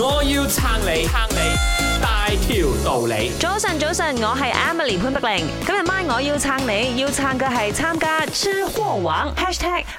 我要撐你，撐你大條道理。早晨，早晨，我係 Emily 潘碧玲。今日晚我要撐你，要撐嘅係參加《吃貨王》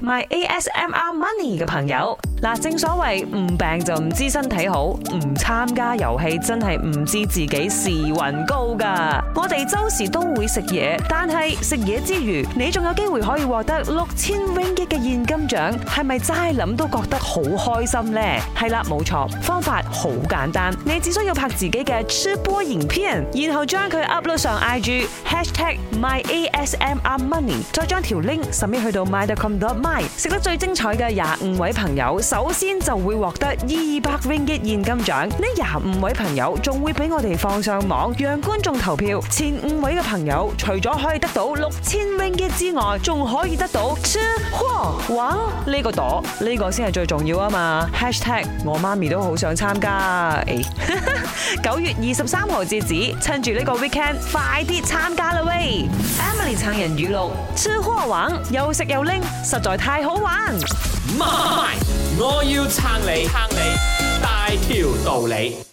#myASMRmoney 嘅朋友。嗱，正所謂唔病就唔知身體好，唔參加遊戲真係唔知自己時運高噶。我哋周時都會食嘢，但係食嘢之餘，你仲有機會可以獲得六千 ringgit 嘅現金獎，係咪齋諗都覺得好開心呢？係啦，冇錯，方法。好簡單，你只需要拍自己嘅吃播影片，然後將佢 upload 上 IG，#myASMRmoney，再將條 link，甚至去到 mydotcom.my。食得最精彩嘅廿五位朋友，首先就會獲得二百 ringgit 現金獎。呢廿五位朋友仲會俾我哋放上網，讓觀眾投票。前五位嘅朋友，除咗可以得到六千 ringgit 之外，仲可以得到吃貨哇呢、這個朵，呢、這個先係最重要啊嘛。Hashtag 我媽咪都好想參。九月二十三號截止，趁住呢個 weekend，快啲參加啦喂！Emily 撐人語錄，超好玩，又食又拎，實在太好玩！媽咪，我要撐你，撐你，大條道理。